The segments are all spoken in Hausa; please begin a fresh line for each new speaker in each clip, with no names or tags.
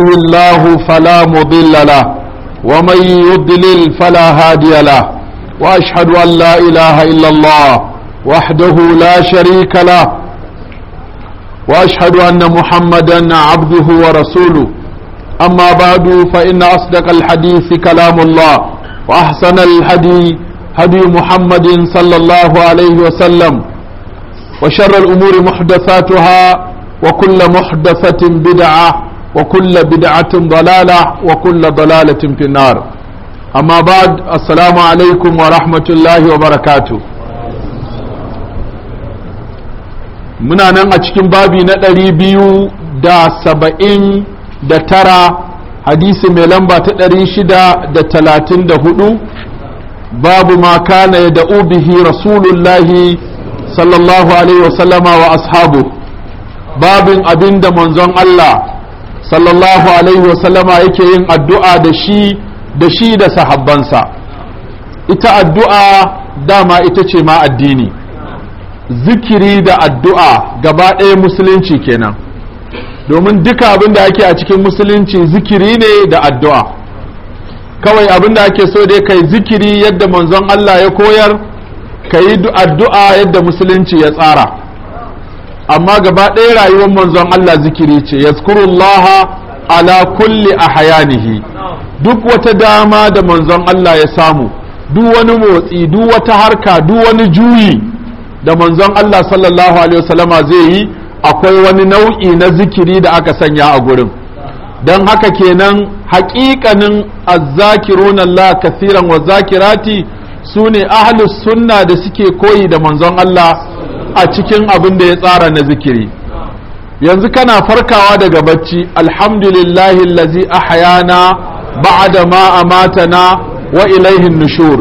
الله فلا مضل له ومن يضلل فلا هادي له واشهد ان لا اله الا الله وحده لا شريك له واشهد ان محمدا عبده ورسوله اما بعد فان اصدق الحديث كلام الله واحسن الهدي هدي محمد صلى الله عليه وسلم وشر الامور محدثاتها وكل محدثه بدعه وكل بدعة balala وكل ضلالة في النار أما بعد السلام عليكم ورحمة الله وبركاته muna nan a cikin babi na ɗari biyu da saba'in da tara hadisi mai lamba ta ɗari shida da talatin da hudu babu maka kana ya da'u bihi rasulullahi sallallahu alaihi wa ashabu babu abin da manzon Allah sallallahu alaihi wasallama yake yin addu'a da shi da shi da sahabbansa ita addu'a dama ita ce ma addini zikiri da addu'a gaba ɗaya musulunci kenan domin duka abin da ake a cikin musulunci zikiri ne da addu'a kawai abin da ake so dai kai zikiri yadda manzon Allah ya koyar ka yi addu'a yadda musulunci ya tsara amma gaba ɗaya rayuwar manzon Allah zikiri ce yaskurullaha ala kulli hayanihi duk wata dama da manzon Allah ya samu duk wani motsi duk wata harka duk wani juyi da manzon Allah sallallahu alaihi wasallama zai yi akwai wani nau'i na zikiri da aka sanya a gurin don haka kenan haƙiƙanin azzakirun Allah kasiran wa zakirati su ne ahlus sunna da suke koyi da manzon Allah a cikin abin da ya tsara na zikiri yanzu kana farkawa daga bacci alhamdulillahi lazi ahyana da ma amatana wa ilaihin nushur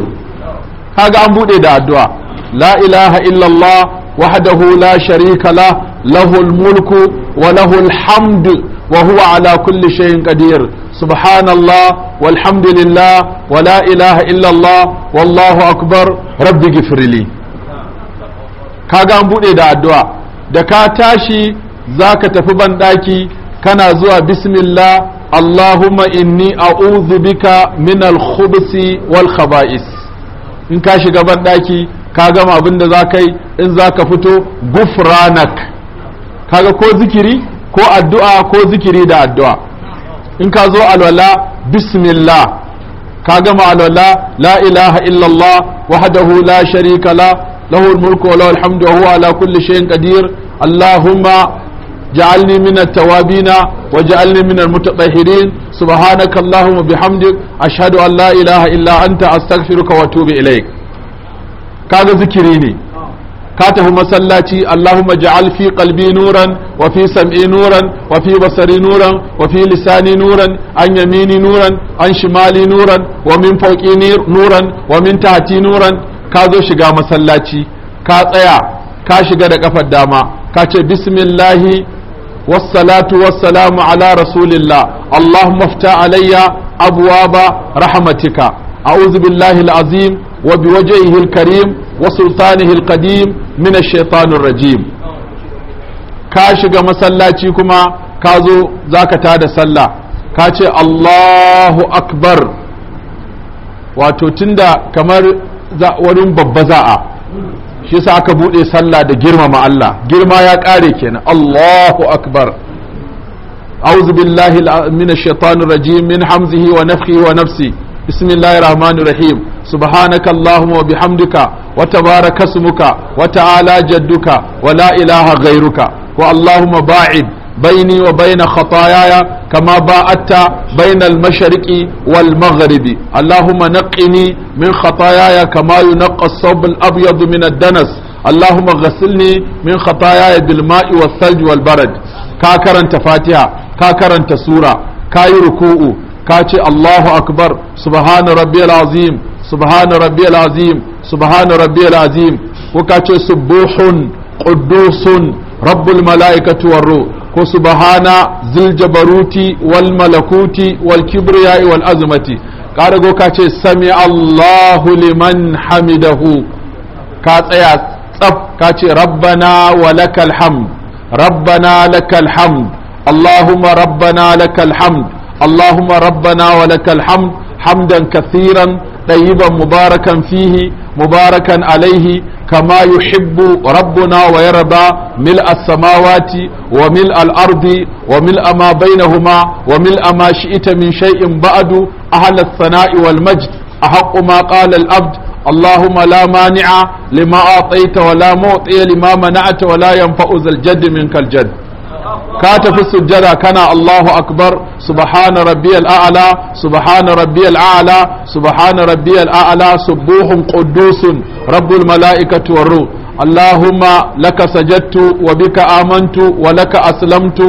kaga an bude da addu'a la ilaha illallah wahdahu la sharika la lahul mulku wa lahul hamdu wa huwa ala kulli shay'in qadir subhanallah walhamdulillah wa la ilaha illallah wallahu الله rabbi أكبر Ka ga an buɗe da addu'a da ka tashi za ka tafi banɗaki kana zuwa bismillah allahumma inni a'udhu bika min al-khubusi wal khaba'is in ka shiga banɗaki ka gama abin da za ka in za ka fito gufranak kaga ko zikiri ko addu'a ko zikiri da addu'a in ka zo alwala bismillah ka gama alwala la ilaha illallah wahdahu la sharika la له الملك وله الحمد وهو على كل شيء قدير اللهم جعلني من التوابين وجعلني من المتطهرين سبحانك اللهم بحمدك أشهد أن لا إله إلا أنت أستغفرك وأتوب إليك كذا ذكريني كاته مسلاتي اللهم اجعل في قلبي نورا وفي سمعي نورا وفي بصري نورا وفي لساني نورا عن يميني نورا عن شمالي نورا ومن فوقي نورا ومن تحتي نورا ka zo shiga masallaci ka tsaya ka shiga da kafar dama ka ce bismillahi wassalatu wassalamu ala rasulillah allahumma fta alayya abwaba rahmatika a'udhu billahi alazim wa biwajhihi karim wa sultanihi alqadim min ash-shaytanir rajim ka shiga masallaci kuma ka zo zaka tada sallah ka ce allahu akbar wato tunda kamar wurin babba za'a shi sa aka bude sallah da girmama Allah girma ya kare kenan Allahu akbar a'udhu billahi minash shaitanir rajim min hamzihi wa nafthihi wa wa la ilaha ghayruka wa allahumma ba'id baini wa baina khatayaya kama ba'atta baina al-mashriqi wal maghribi allahumma naqqini min khatayaya kama yunqqa as-sawb al-abyad min ad-danas allahumma ghassilni min khatayaya bil ma'i was wal barad ka karanta fatiha ka karanta sura ka yi ruku'u ka ce allahu akbar subhana rabbiyal azim subhana rabbiyal azim subhana rabbiyal azim ko ka ce subuhun quddusun rabbul mala'ikati war ruh ko subhana ziljabaruti wal malakuti wal kibriya'i wal azmati ka rago ka ce sami Allahu liman hamidahu ka tsaya tsaf ka ce rabbana wa lakal hamd rabbana lakal hamd allahumma rabbana lakal hamd allahumma rabbana wa lakal hamd hamdan kathiran ɗayiban mubarakan fihi mubarakan alaihi kama yuhibbu rabbuna wa yarda mil as wa mil al-ardi wa mil ma bainahuma wa mil ma shi'ita min shay'in ba'du ahla as-sana'i wal majd ahaqqu ma abd اللهم لا مانع لما أعطيت ولا معطي لما منعت ولا ينفع ذا الجد منك ka tafi sujjada kana Allahu akbar subhana rabbiyal a'la subhana rabbiyal a'la subhana rabbiyal a'la subuhun quddusun rabbul mala'ikati war ruh اللهم لك سجدت وبك آمنت ولك أسلمت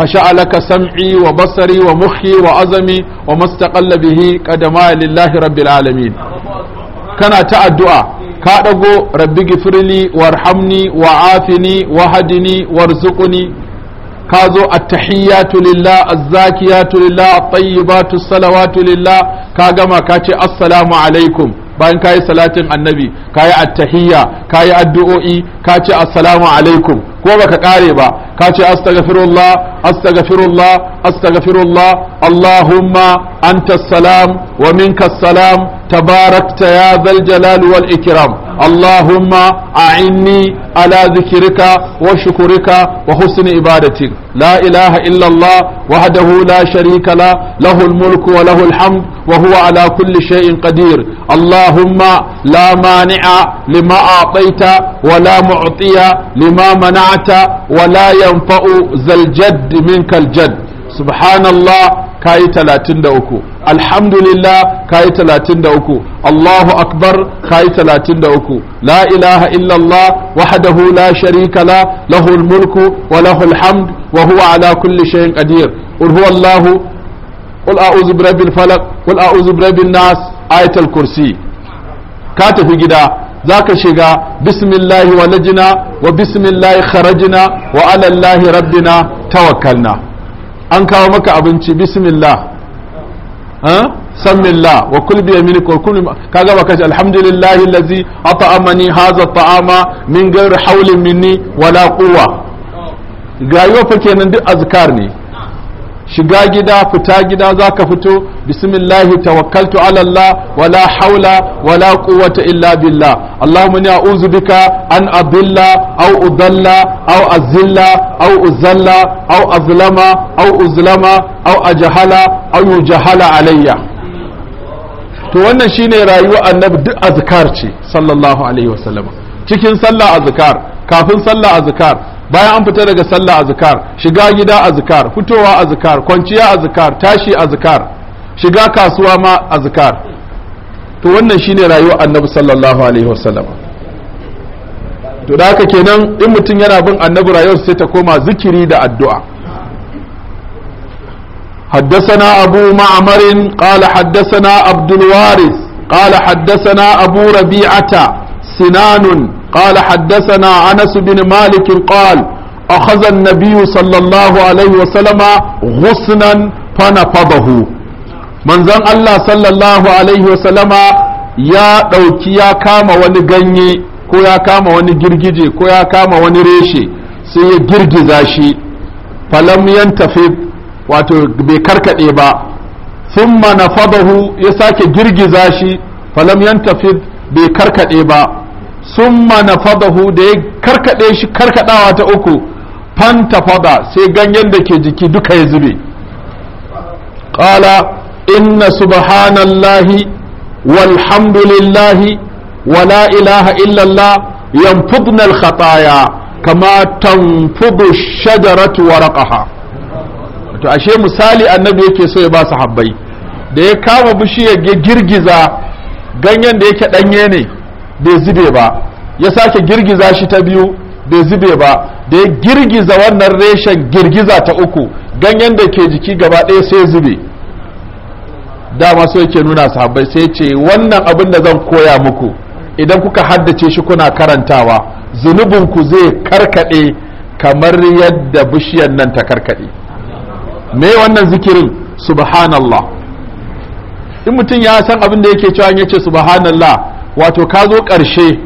Sam'i لك سمعي وبصري ومخي وعظمي وما استقل به قدماي لله رب العالمين كان تعدعا ka ɗago rabbi gifirli warhamni wa afini wa hadini warzuquni ka zo attahiyatu lillah azzakiyatu lillah at-tayyibatu salawatu lillah ka gama ka ce assalamu alaikum bayan ka yi salatin annabi ka yi attahiyya ka yi addu'o'i ka ce assalamu alaikum ko baka kare ba ka ce astaghfirullah astaghfirullah astaghfirullah allahumma anta salam wa minka salam tabarakta ya zal jalal wal ikram allahumma a'inni ala zikirika wa shukurika wa husni ibadatik la ilaha illa allah wahdahu la sharika la lahu al mulku wa lahu al hamd wa huwa ala kulli shay'in qadir allahumma la mani'a lima a'taita wa la mu'tiya lima mana'a nafa'ata wa la yanfa'u zal jadd minkal jadd subhanallah kayi 33 alhamdulillah kayi 33 Allahu akbar kayi 33 la ilaha illallah wahdahu la sharika la lahul mulku wa lahul hamd wa huwa ala kulli shay'in qadir nas ayatul kursi ka tafi gida za ka shiga bismillahi walajina wa bismillahi kharajina wa alallahi rabbina tawakkalna an kawo maka abinci bismillah sammillah wa kul bi yaminik wa kul kaga baka ce alhamdulillahi allazi at'amani hadha at'ama min ghairi hawlin minni wala quwwa ga fa kenan duk azkar ne shiga gida fita gida za ka fito bismillahi tawakkaltu ala Allah wala haula wala quwwata illa billah Allahumma ni a'udhu bika an adilla aw udalla aw azilla aw uzalla aw azlama aw uzlama aw ajhala aw yujhala alayya to wannan shine rayuwa annabi duk azkar ce sallallahu alaihi wasallam cikin sallah azkar kafin sallah azkar bayan an fita daga sallah azkar shiga gida azkar fitowa azkar kwanciya azkar tashi azkar shiga kasuwa ma azkar to wannan shine rayuwar annabi sallallahu alaihi wasallam to da haka kenan in mutum yana bin annabi rayuwar sai ta koma zikiri da addu'a حدثنا أبو معمر قال حدثنا عبد الوارث قال حدثنا أبو ربيعة سنان قال حدثنا أنس بن مالك قال أخذ النبي صلى الله عليه وسلم غصنا فنفضه من زن الله صلى الله عليه وسلم يا ɗauki ya kama wani ganye ko ya kama wani girgije ko ya kama wani reshe sai ya girgiza shi falam yantafi wato bai karkade ba thumma nafadahu ya sake girgiza shi falam bai karkade ba Sun mana fadahu. da ya karkade shi karkadawa ta uku fanta fada sai ganyen da ke jiki duka ya zube Ƙala. inna subhanallahi walhamdulillahi wala ilaha illallah yanfudna kamatan khataya kama tanfudu shajaratu waraqaha to ashe misali annabi yake so ya ba habbai da ya kama bishiyar ya girgiza ganyen da yake ɗanye ne bai zube ba ya sake girgiza shi ta biyu bai zube ba da ya girgiza wannan reshen girgiza ta uku ganyen da ke jiki gaba ɗaya sai zube dama so yake nuna sahabbai sai ce wannan abin da zan koya muku idan kuka haddace shi kuna karantawa zunubinku zai karkaɗe kamar yadda bishiyar nan ta karkaɗe me wannan zikirin subhanallah in mutum ya san abin da yake cewa ya ce subhanallah wato ka zo ƙarshe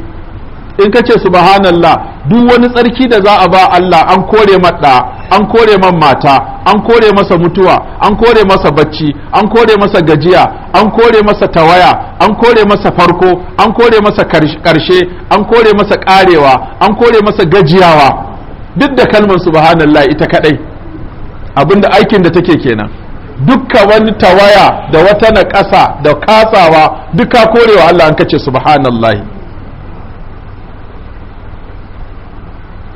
in ka ce subhanallah duk wani tsarki da za a ba Allah an kore maɗa an kore man mata an kore masa mutuwa an kore masa bacci an kore masa gajiya an kore masa tawaya an kore masa farko an kore masa ƙarshe an kore masa ƙarewa an kore masa gajiyawa duk da kalmar subhanallah ita kaɗai abinda aikin da take kenan dukka wani tawaya da wata na ƙasa da kasawa duka korewa Allah an kace subhanallahi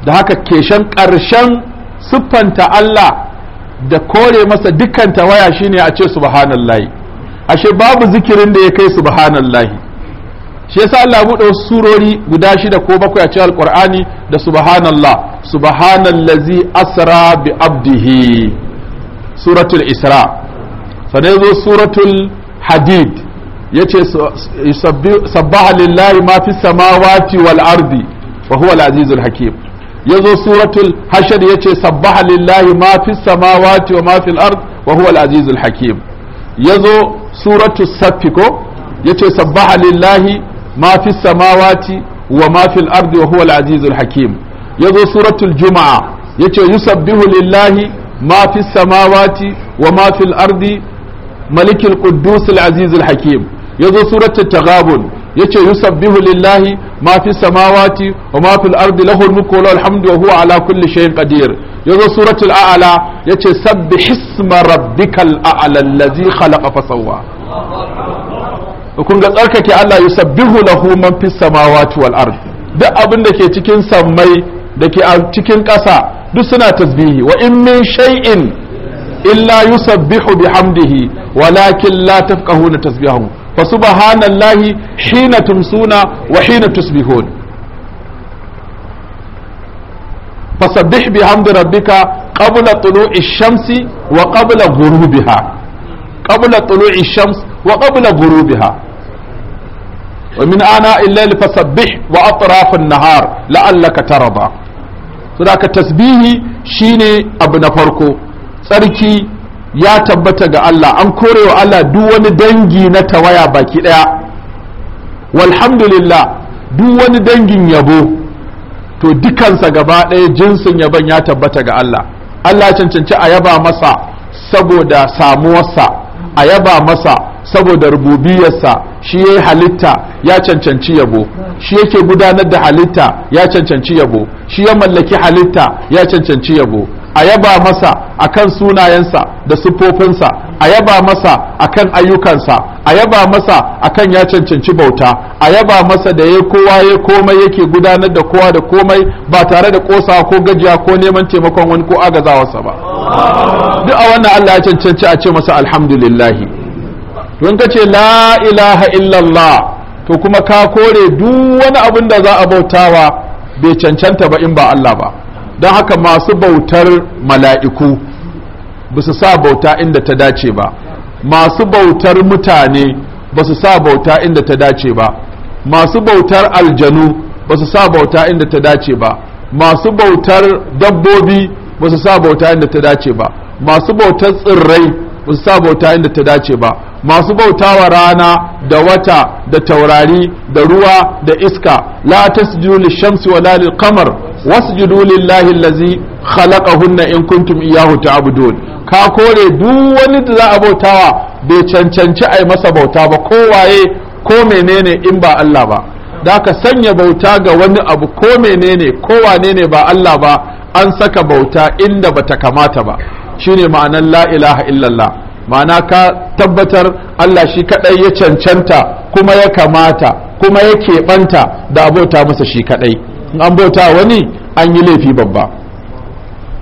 da haka keshen ƙarshen siffanta Allah da kore masa dukkan tawaya shine a ce subhanallahi ashe babu zikirin da ya kai subhanallahi shi yasa Allah bude wasu surori guda shida ko bakwai a cikin alqur'ani da subhanallah subhanallazi asra bi abdihi suratul isra sannan zo suratul hadid ya ce sabbaha lillahi ma fi samawati wal ardi wa huwa al azizul hakim ya zo suratul hashar ya ce sabbaha lillahi ma fi samawati wa ma fi al ard wa huwa al azizul hakim ya zo suratul saffi ko ya ce sabbaha lillahi ma fi samawati wa ma fi al ardi wa huwa al azizul hakim ya zo suratul juma'a ya ce yusabbihu lillahi ma fi samawati wa ma fil ardi malikil quddus al aziz al hakim yazo suratul taghabun yace bihu lillahi ma fi samawati wa ma fil ardi lahu al mulku wa wa huwa ala kulli shay'in qadir yazo suratul a'la yace sabbih isma rabbikal a'la allazi khalaqa fasawwa kun tsarkake Allah bihu lahu man fis samawati wal ardi duk abin da ke cikin sammai da ke a cikin ƙasa duk suna tasbihi wa in min shay'in illa yusabbihu bihamdihi walakin la tafqahuna tasbihahum fa subhanallahi hina tumsuna wa hina tusbihun fasabbih bihamdi rabbika qabla tulu'i shamsi wa qabla ghurubiha qabla tulu'i shams wa qabla ghurubiha ومن آناء الليل فسبح وأطراف النهار لعلك ترضى saboda tasbihi shine abu na farko tsarki ya tabbata ga Allah an kore wa Allah duk wani dangi na tawaya baki daya walhamdulillah duk wani dangin yabo to dukansa gaba ɗaya jinsin yabon ya tabbata ga Allah Allah cancanci a yaba masa saboda samuwarsa a yaba masa saboda rububiyarsa shi ya halitta ya cancanci yabo shi yake gudanar da halitta ya cancanci yabo shi ya mallaki halitta ya cancanci yabo a yaba masa akan sunayensa da siffofinsa a yaba masa akan ayyukansa a yaba masa akan ya cancanci bauta a yaba masa da ya kowa ya komai yake gudanar da kowa da komai ba tare da kosawa ko gajiya ko neman taimakon wani ko agazawarsa ba duk a wannan Allah ya cancanci a ce masa alhamdulillahi don ka ce la ilaha illallah to kuma ka kore duk wani abin da za a bautawa bai cancanta ba in ba Allah ba don haka masu bautar mala'iku ba su sa bauta inda ta dace ba masu bautar mutane ba su sa bauta inda ta dace ba masu bautar aljanu ba su sa bauta inda ta dace ba masu bautar dabbobi ba su sa bauta inda ta dace ba masu bautar tsirrai ba su sa bauta inda ta dace ba masu bautawa rana da wata da taurari da ruwa da iska la tasjudu lishamsi wala lilqamar wasjudu lillahi allazi khalaqahunna in kuntum iyyahu ta'budun ka kore duk wani da za a bautawa bai cancanci ai masa bauta ba kowaye ko menene in ba Allah ba da ka sanya bauta ga wani abu ko menene ko wane ne ba Allah ba an saka bauta inda bata kamata ba shine ma'anar la ilaha illallah ma'ana ka tabbatar Allah shi kadai ya cancanta kuma ya kamata kuma ya keɓanta da abota masa shi kadai in an bauta wani an yi laifi babba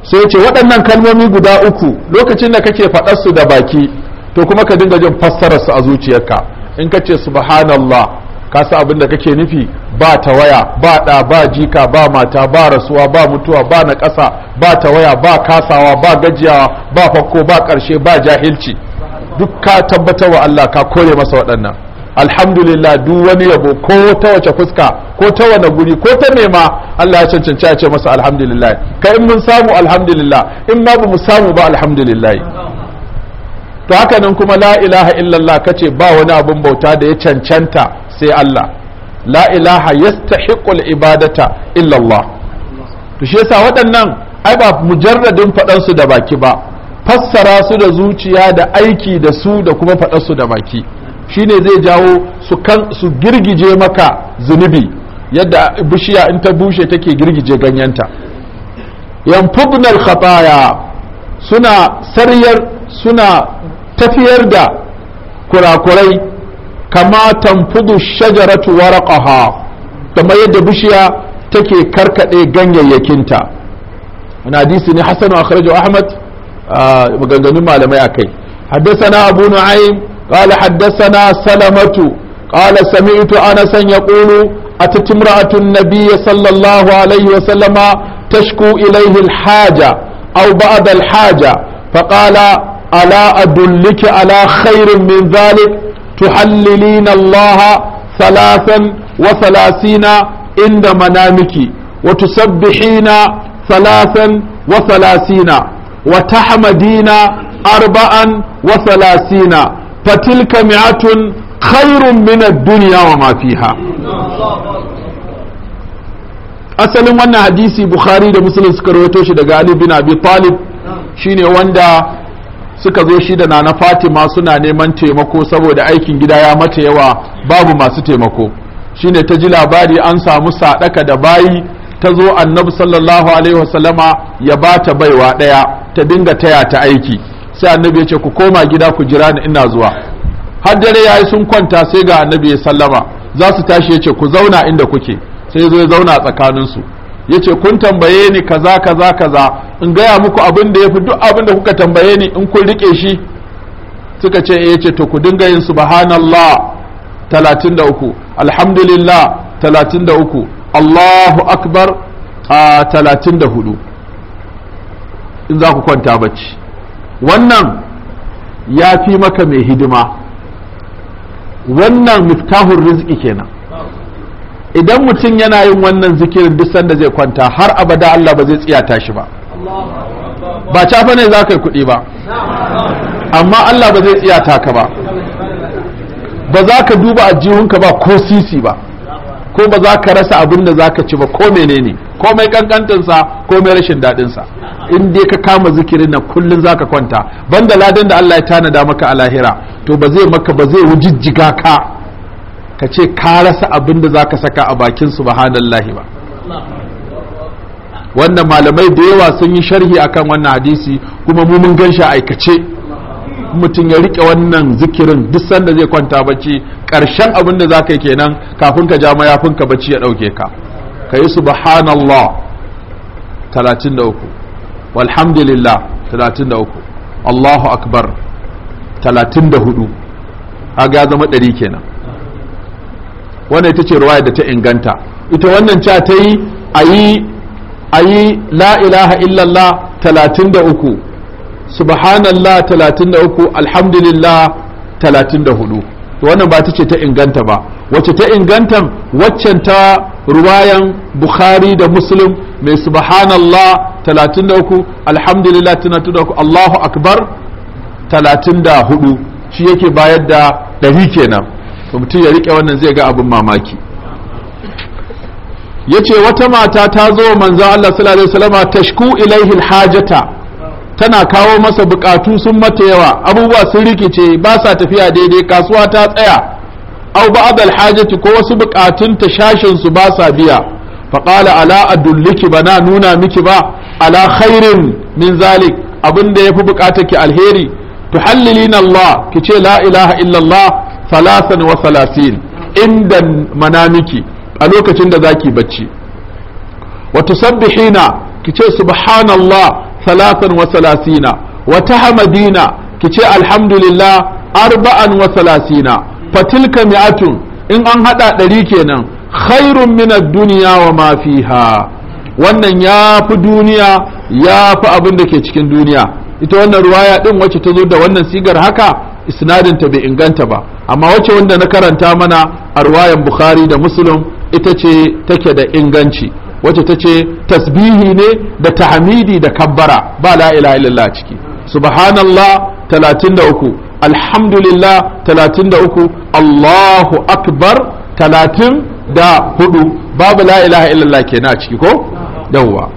sai ce waɗannan kalmomi guda uku lokacin da kake faɗar da baki to kuma ka dinga jin fassararsu a zuciyarka in ka ce subhanallah ka sa abin da kake nufi ba ta waya ba ɗa ba jika ba mata ba rasuwa ba mutuwa ba na ƙasa ba ta waya ba kasawa ba gajiyawa ba fakko ba ƙarshe ba jahilci duk ka tabbatar wa Allah ka kore masa waɗannan alhamdulillah duk wani yabo ko ta wace fuska ko ta wani guri ko ta nema Allah ya cancanci ya ce masa alhamdulillah ka in mun samu alhamdulillah in ma ba mu samu ba alhamdulillah to haka nan kuma la ilaha illallah kace ba wani abun bauta da ya cancanta sai Allah la ilaha yastahiqul ibadata illa Allah to shi yasa waɗannan ai ba mujarradin faɗan su da baki ba fassara su da zuciya da aiki da su da kuma faɗan su da baki shine zai jawo su kan su girgije maka zunubi yadda bishiya in ta bushe take girgije ganyenta yanfudnal khataya suna sariyar suna tafiyar da kurakurai kama tanfudu shajaratu waraqaha kamar yadda bishiya take karkade ganyayyakinta wani hadisi ne hasan wa akhrajahu ahmad maganganun malamai akai حدثنا أبو نعيم قال حدثنا سلمة قال سمعت أنسا يقول أتت امرأة النبي صلى الله عليه وسلم تشكو إليه الحاجة أو بعد الحاجة فقال ألا أدلك على خير من ذلك تحللين الله ثلاثا وثلاثين عند منامك وتسبحين ثلاثا وثلاثين وتحمدين أربعا وثلاثين فتلك مئة خير من الدنيا وما فيها asalin wannan hadisi bukhari da muslim suka rawaito shi daga ali bin abi talib shine wanda suka zo shi da nana fatima suna neman taimako saboda aikin gida ya mata yawa babu masu taimako shine ta ji labari an samu sadaka da bayi ta zo annabi sallallahu alaihi wasallama ya ba ta baiwa ɗaya ta dinga taya ta aiki sai annabi ya ce ku koma gida ku jira ni ina zuwa har dare yayi sun kwanta sai ga annabi ya sallama za su tashi ya ce ku zauna inda kuke sai ya zo ya zauna tsakanin su ya ce kun tambaye ni kaza kaza kaza in gaya muku abin da ya fi duk abin da kuka tambaye ni in kun rike shi suka ce eh, ya ce to ku dinga yin subhanallah talatin da uku alhamdulillah talatin da uku allahu akbar a talatin da hudu in za ku kwanta bacci wannan ya fi maka mai hidima wannan miftahun rizki kenan idan mutum yana yin wannan zikirin duk sanda zai kwanta har abada Allah ba zai tsiyata shi ba ba cafa ne za ka yi kuɗi ba amma Allah ba zai tsiyata ka ba ba za ka duba ajihunka ba ko sisi ba ko ba za ka rasa abin da za ka ci ba ko menene ko mai kankantinsa ko mai rashin daɗinsa in dai ka kama zikirin na kullum za ka kwanta banda ladan da Allah ya tanada maka a lahira to ba zai maka ba zai wujijjiga ka ka ce ka rasa abin da ka saka a bakin subhanallahi ba wannan malamai da yawa sun yi sharhi akan wannan hadisi kuma mu mun gan shi aikace mutum ya rike wannan zikirin duk sanda zai kwanta bacci karshen abin da zaka yi kenan kafin ka ja mayafin ka bacci ya ɗauke ka ka yi subhanallah 33 walhamdulillah 33 Allahu akbar 34 aga zama ɗari kenan wannan ita ce ruwaya da ta inganta ita wannan ca ta yi a yi la ilaha illallah talatin da uku subhanallah talatin da uku alhamdulillah talatin da hudu wannan ba ta ce ta inganta ba wacce ta inganta waccan ta ruwayan bukhari da muslim mai subhanallah talatin da uku alhamdulillah talatin da uku allahu akbar talatin da hudu shi yake bayar da ɗari kenan to mutum ya rike wannan zai ga abin mamaki yace wata mata ta zo manzo Allah sallallahu alaihi wasallam tashku ilaihi alhajata tana kawo masa bukatu sun mata yawa abubuwa sun rikice ba sa tafiya daidai kasuwa ta tsaya au ba'd alhajati ko wasu bukatun ta shashin su ba sa biya faqala ala adulliki bana nuna miki ba ala khairin min zalik abinda yafi bukatar ki alheri tuhallilina Allah ki ce la ilaha illallah salasan wa salasin inda manamiki a lokacin da zaki bacci wa tusabbihina kice subhanallah salasan wa salasina wa tahmadina kice alhamdulillah arba'an wa salasina fatilka mi'atun in an hada ɗari kenan khairun min ad-dunya wa ma fiha wannan ya fi duniya ya fi abin da ke cikin duniya ita wannan ruwaya din wacce ta zo da wannan sigar haka isnadinta bai inganta ba amma wacce wanda na karanta mana a ruwayan bukhari da muslim ita ce take da inganci wacce ta ce tasbihi ne da tahmidi da kabbara ba la ilaha illallah ciki subhanallah 33 alhamdulillah 33 allahu akbar 34 babu la ilaha illallah kenan a ciki ko yawwa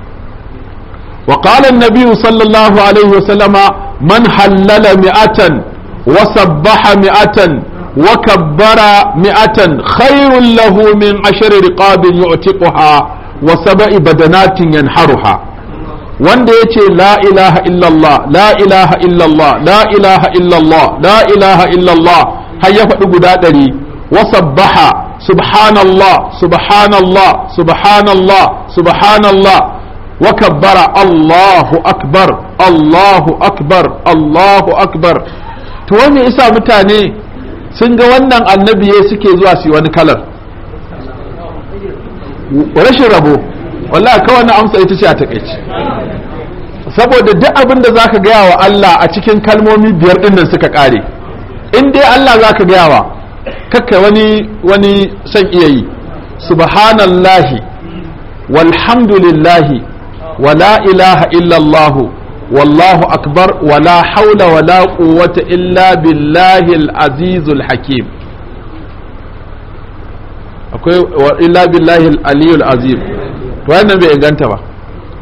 وقال النبي صلى الله عليه وسلم من حلل مئة وسبح مئة وكبر مئة خير له من عشر رقاب يعتقها وسبع بدنات ينحرها wanda ya ce la ilaha illallah la ilaha illallah la ilaha illallah la ilaha illallah har ya faɗi guda ɗari wasabbaha subhanallah subhanallah subhanallah subhanallah wa kabbara allahu akbar allahu akbar allahu akbar to wani isa mutane sun ga wannan annabi ya suke zuwa su wani kalar rashin rabo wallah kawai na amsa ita ce a takaici saboda duk abin da zaka gaya wa Allah a cikin kalmomi biyar din nan suka kare in dai Allah ka gaya wa kakka wani wani san iya yi subhanallahi walhamdulillahi wala ilaha illallahu wallahu akbar wala haula wala quwwata illa billahi al-azizul hakim akwai wa illa billahi al azim to wannan bai inganta ba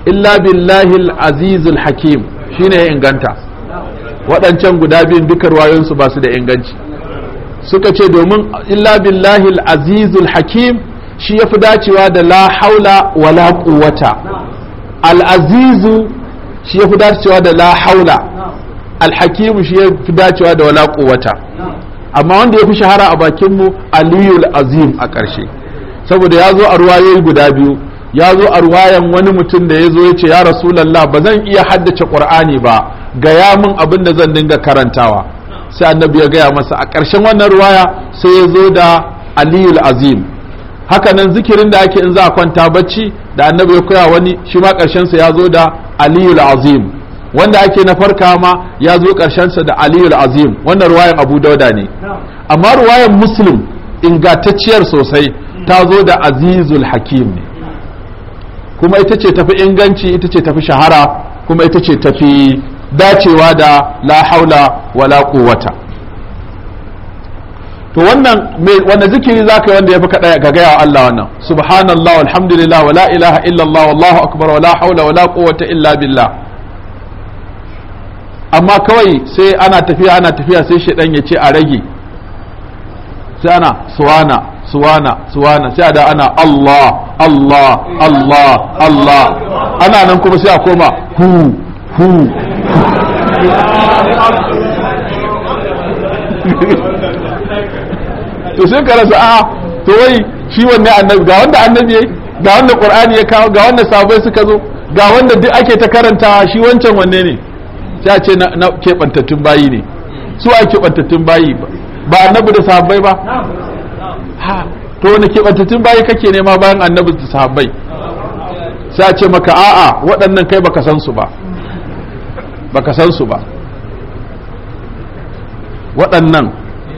illa billahi al-azizul hakim shine ya inganta waɗancan guda biyun dukkan wayoyinsu ba su da inganci suka ce domin illa billahi al-azizul hakim shi ya fi dacewa da la haula wala quwwata al-azizu shi ya fi dacewa da la haula alhakimu shi ya fi dacewa da wala quwwata amma wanda ya fi shahara a bakin mu aliyul azim a ƙarshe saboda ya zo a ruwayoyi guda biyu ya zo a ruwayan wani mutum da ya zo ya ce ya rasulallah ba zan iya haddace qur'ani ba gaya min abin da zan dinga karantawa sai annabi ya gaya masa a ƙarshen wannan ruwaya sai ya zo da aliyul azim hakanan zikirin da ake in za a kwanta bacci da annabi ya koya wani shi ma ƙarshen sa ya zo da aliyul azim wanda ake na farka ma ya zo sa da aliyul azim wannan ruwayan abu dauda ne amma ruwayan muslim ingantacciyar sosai ta zo da azizul hakim ne kuma ita ce tafi inganci ita ce tafi shahara kuma ita ce tafi dacewa da la haula wala quwwata to wannan wanda zikiri za ka yi wanda ya fi kaɗa ga gaya wa Allah wannan subhanallah alhamdulillah wala ilaha illallah wallahu akbar wala haula wala quwwata illa billah amma kawai sai ana tafiya ana tafiya sai shedan ya ce a rage sai ana suwana suwana suwana sai da ana Allah Allah Allah Allah ana nan kuma sai a koma hu hu to sai ka rasa a'a to wai shi wanne annabi ga wanda annabi yayi ga wanda qur'ani ya kawo ga wanda sabai suka zo ga wanda duk ake ta karanta shi wancan wanne ne sai a ce na keɓantattun bayi ne su a keɓantattun bayi ba annabi da sahabbai ba ha to wani keɓantattun bayi kake nema bayan annabi da sahabbai sai a ce maka a'a waɗannan kai baka san su ba baka san su ba waɗannan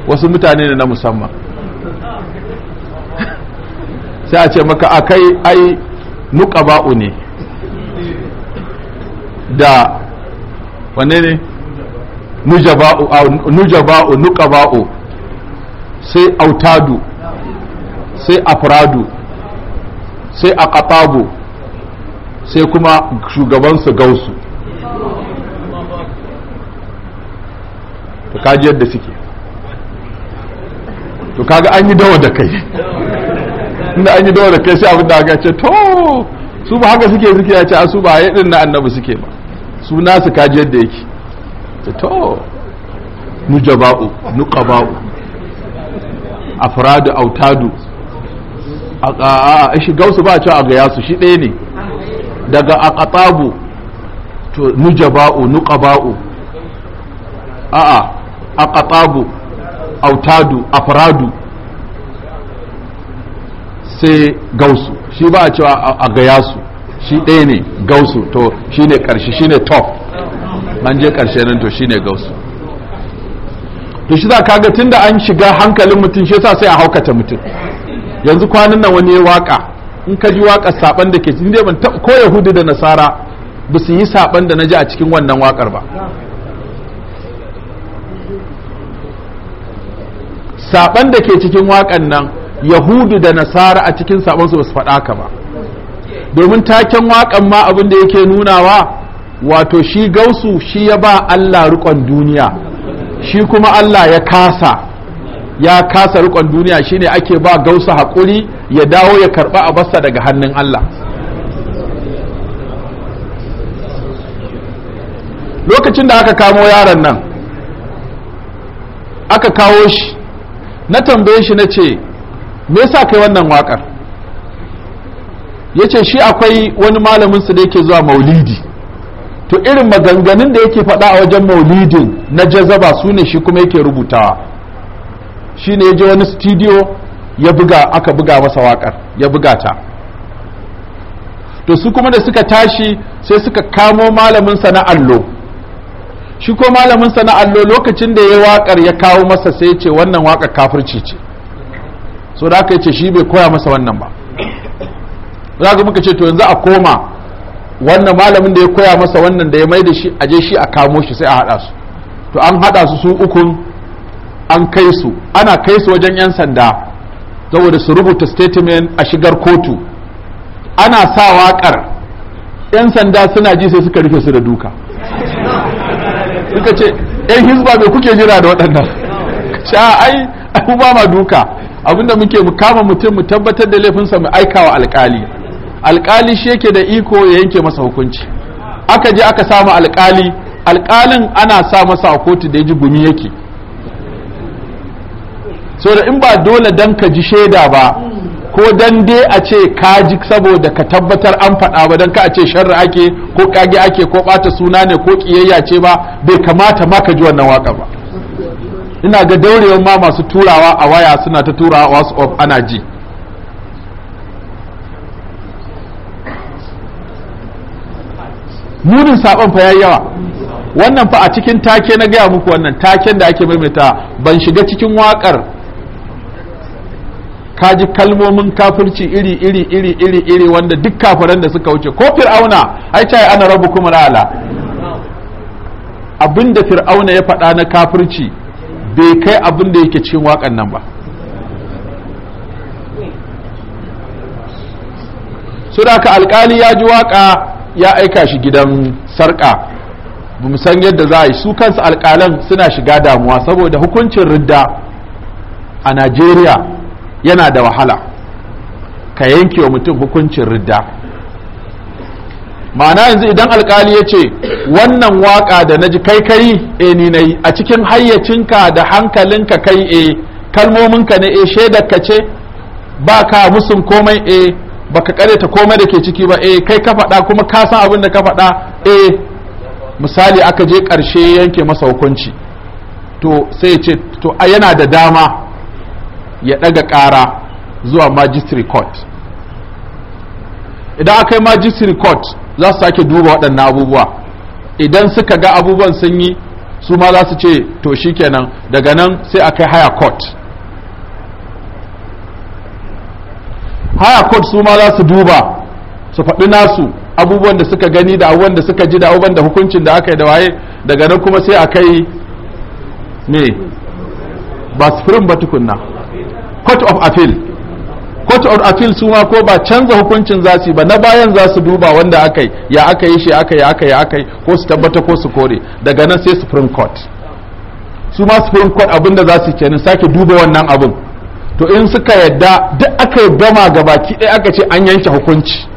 wasu mutane ne na musamman sai a ce maka a kai ai ba'u ne da wanne ne nuja ba'u nuka ba'u sai autadu sai afradu sai aqatabu sai kuma shugabansu gausu to kaji yadda suke to kaga an yi dawa da kai tunda an yi dawo da kai sai abin da aka ce to su ba haka suke suke ya ce su ba yadin na annabi suke ba su nasu kaji yadda yake ce to nujaba'u nuqaba'u afradu autadu a shi gausu ba cewa a ga su shi ɗaya ne daga aqatabu to nujaba'u nuqaba'u a'a aqatabu autadu afradu sai gausu shi ba a cewa a gaya su shi ɗaya ne gausu to shi ne ƙarshe shi ne top an je ƙarshe nan to shi ne gausu to shi za ka ga tun da an shiga hankalin mutum shi yasa sai a haukata mutum yanzu kwanan nan wani ya waka in ka ji waka saban da ke cikin ban ko yahudu da nasara ba su yi saban da na ji a cikin wannan wakar ba saban da ke cikin wakan nan yahudu da nasara a cikin sabonsu ba su faɗa ka ba domin taken waƙan ma abin da yake nunawa wato shi gausu shi ya ba Allah rikon duniya shi kuma Allah ya kasa ya kasa rikon duniya shi ne ake ba gausu haƙuri ya dawo ya karɓa a basa daga hannun Allah lokacin da aka kamo yaron nan aka kawo shi na tambaye shi na ce me yasa kai wannan wakar yace shi akwai wani malamin su da yake zuwa maulidi to irin maganganun da yake faɗa a wajen maulidin na jazaba su ne shi kuma yake rubutawa shi ne ya je wani studio ya buga aka buga masa waƙar ya buga ta to su kuma da suka tashi sai suka kamo malaminsa na allo shi ko malaminsa na allo lokacin da ya wakar ya kawo masa sai ce wannan wakar kafirci ce so da aka ce shi bai koya masa wannan ba za ka muka ce to yanzu a koma wannan malamin da ya koya masa wannan da ya mai da shi aje shi a kamo shi sai a haɗa su to an haɗa su su ukun an kai su ana kai su wajen 'yan sanda saboda su rubuta statement a shigar kotu ana sa wakar 'yan sanda suna ji sai suka rufe su da duka suka ce 'yan hisba bai kuke jira da waɗannan ai ai ba ma duka abinda muke mu kama mutum mu tabbatar da laifinsa mu aika wa alkali alkali shi yake da iko ya yanke masa hukunci aka je aka samu alkali alkalin ana sa masa a kotu da ya ji gumi yake so da in ba dole dan ka ji shaida ba ko dan dai a ce ka ji saboda ka tabbatar an faɗa ba dan ka a ce sharri ake ko kage ake ko ɓata suna ne ko kiyayya ce ba bai kamata ma ka ji wannan waka ba ina ga daurewar ma masu turawa a waya suna ta turawa wasu of ji Nunin saban fa yayi yawa wannan fa a cikin take na gaya muku wannan taken da ake maimaita ban shiga cikin wakar kaji kalmomin kafirci iri iri iri iri iri wanda duk kafiran da suka wuce ko fir'auna ai cai ana rabu kuma ala abinda fir'auna ya faɗa na kafirci bai kai abin da yake cikin waƙan nan ba su da ka alkali ya ji waƙa ya aika shi gidan sarƙa ba san yadda za a yi su kansu alƙalan suna shiga damuwa saboda hukuncin ridda a najeriya yana da wahala ka yanke wa mutum hukuncin ridda ma'ana yanzu idan alkali ya ce wannan waka da na ji kai kai e ni na yi a cikin hayyacinka da hankalinka kai e kalmominka ne e shaidarka ce ba ka musun komai e baka ta komai da ke ciki ba e kai ka faɗa kuma ka san abin da ka faɗa e misali aka je ƙarshe yanke masa hukunci to sai ce to a yana da dama ya ɗaga ƙara zuwa magistrate court idan akai yi magistrate court za su sake duba waɗannan abubuwa idan suka ga abubuwan sun yi su ma za su ce to shikenan daga nan sai a kai haya court haya court su ma za su duba su faɗi nasu abubuwan da suka gani da abubuwan da suka ji da abubuwan da hukuncin da aka yi da waye daga nan kuma sai a kai me ba su ba tukunna court of appeal court of appeal su ma ko ba canza hukuncin za su ba na bayan za su duba wanda aka yi ya aka yi shi aka yi aka yi aka yi ko su tabbata ko su kore daga nan sai supreme court su ma supreme court abin da za su kenan sake duba wannan abin to in suka yadda duk aka yi gama baki ɗaya aka ce an yanke hukunci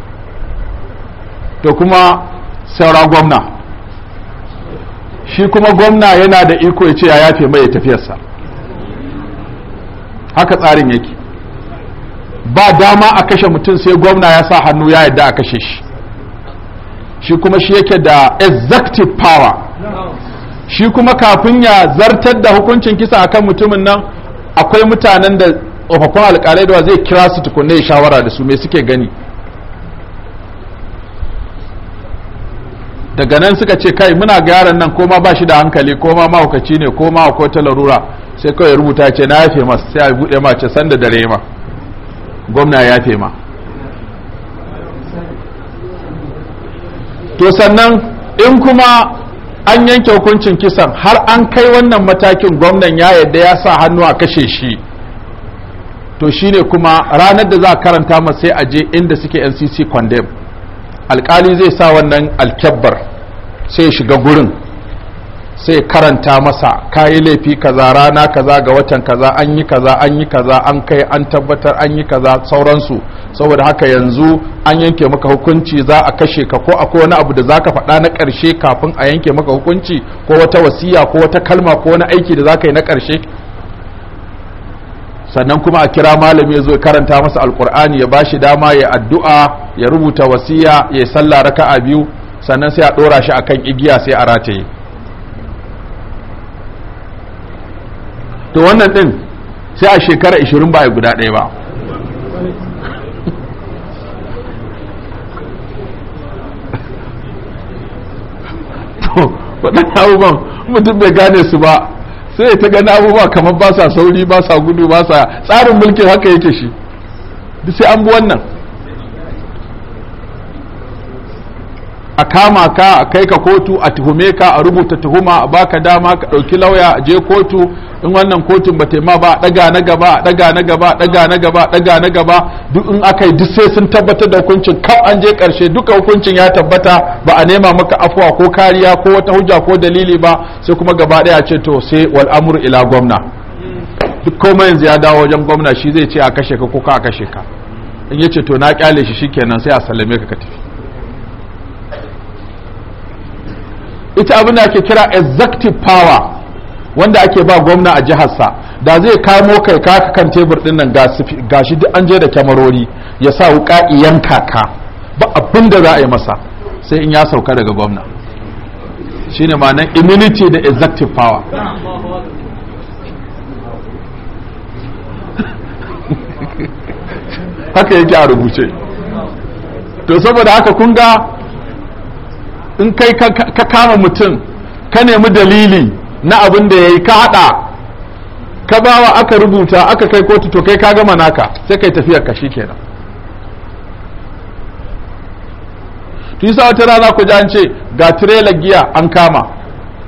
to kuma saura gwamna shi kuma gwamna yana da iko ya ce ya yafe mai tafiyarsa haka tsarin yake ba dama a kashe mutum sai gwamna ya sa hannu ya yadda a kashe shi shi kuma shi yake da executive power shi kuma kafin ya zartar da hukuncin kisa akan mutumin nan akwai mutanen da tsofaffin alkalai da zai kira su tukunne shawara da su mai suke gani daga nan suka ce kai muna ga yaron nan ko ba shi da hankali koma mahaukaci ne ko ma akwai talarura. sai kawai rubuta ce na yafe masu sai a buɗe ma ce sanda dare ma gwamna ya tema to sannan in kuma an yanke hukuncin kisan har an kai wannan matakin gwamnan ya yadda ya sa hannu a kashe shi to shine kuma ranar da za a karanta ma sai a je inda suke ncc condemn alkali zai sa wannan alkyabbar sai shiga gurin sai karanta masa kayi laifi kaza rana kaza ga watan kaza an yi kaza an yi kaza an kai an tabbatar an yi kaza sauransu saboda haka yanzu an yanke maka hukunci za a kashe ka ko akwai wani abu da zaka faɗa na ƙarshe kafin a yanke maka hukunci ko wata wasiya ko wata kalma ko wani aiki da zaka yi na ƙarshe sannan kuma a kira malami ya zo karanta masa alkur'ani ya bashi dama ya addu'a ya rubuta wasiya ya sallah raka'a biyu sannan sai a ɗora shi akan igiya sai a rataye to wannan din sai a shekara 20 ba ya guda ɗaya ba To waɗannan abubuwan mutum bai gane su ba sai ya ta gani abubuwa kamar ba sa sauri ba sa gudu ba sa tsarin mulkin haka yake shi duk sai an bi wannan a kama ka a kai ka kotu a tuhume ka a rubuta tuhuma a baka dama ka ɗauki lauya a je kotu in wannan kotun ba ma ba ɗaga na gaba ɗaga na gaba ɗaga na gaba ɗaga na gaba duk in aka yi sai sun tabbatar da hukuncin kaf an je karshe duka hukuncin ya tabbata ba a nema maka afuwa ko kariya ko wata hujja ko dalili ba sai kuma gaba ɗaya ce to sai wal ila gwamna duk komai yanzu ya dawo wajen gwamna shi zai ce a kashe ka ko ka kashe ka in yace to na kyale shi shikenan sai a sallame ka ka tafi ita abin da ake kira executive power wanda ake ba gwamna a jiharsa da zai kamo kai kaka kan tebur din nan gashi duk an je da kyamarori ya sa wuka iyan kaka ba abin da za a yi masa sai in ya sauka daga gwamna shine ma'anar immunity da executive power haka yake a rubuce to saboda haka kun ga in kai ka kama mutum ka nemi dalili na abin da ya yi ka haɗa ka bawa aka rubuta aka kai kotu to kai ka gama naka sai kai tafiyar ka shikenan sa wata rana ku ji an ce ga tirela giya an kama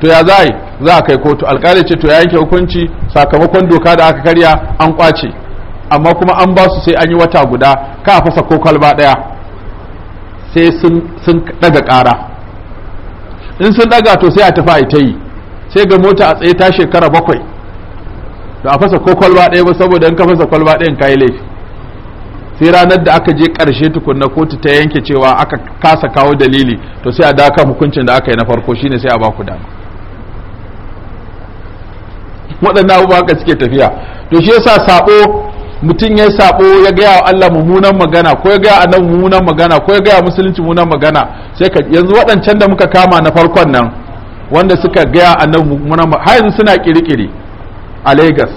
to ya za za a kai kotu alkali ce to ya yanke hukunci sakamakon doka da aka karya an kwace amma kuma an ba su sai an yi wata guda ka a fasa ko kwalba daya sai sun daga ƙara. in sun daga to sai a tafi a ta yi sai ga mota a tsaye ta shekara bakwai da a fasa ko kwalba ɗaya ba saboda in ka fasa kwalba ɗaya ka yi laifi sai ranar da aka je ƙarshe tukunna kotu ta yanke cewa aka kasa kawo dalili to sai a daka hukuncin da aka yi na farko shine sai a baku dama waɗannan abubuwa ka suke tafiya to shi yasa saɓo. mutum ya sabo ya gaya wa Allah mummunan magana ko ya gaya annabi mummunan magana ko ya gaya musulunci mummunan magana sai ka yanzu waɗancan da muka kama na farkon nan wanda suka gaya annabi mummunan har yanzu suna kirkire a Lagos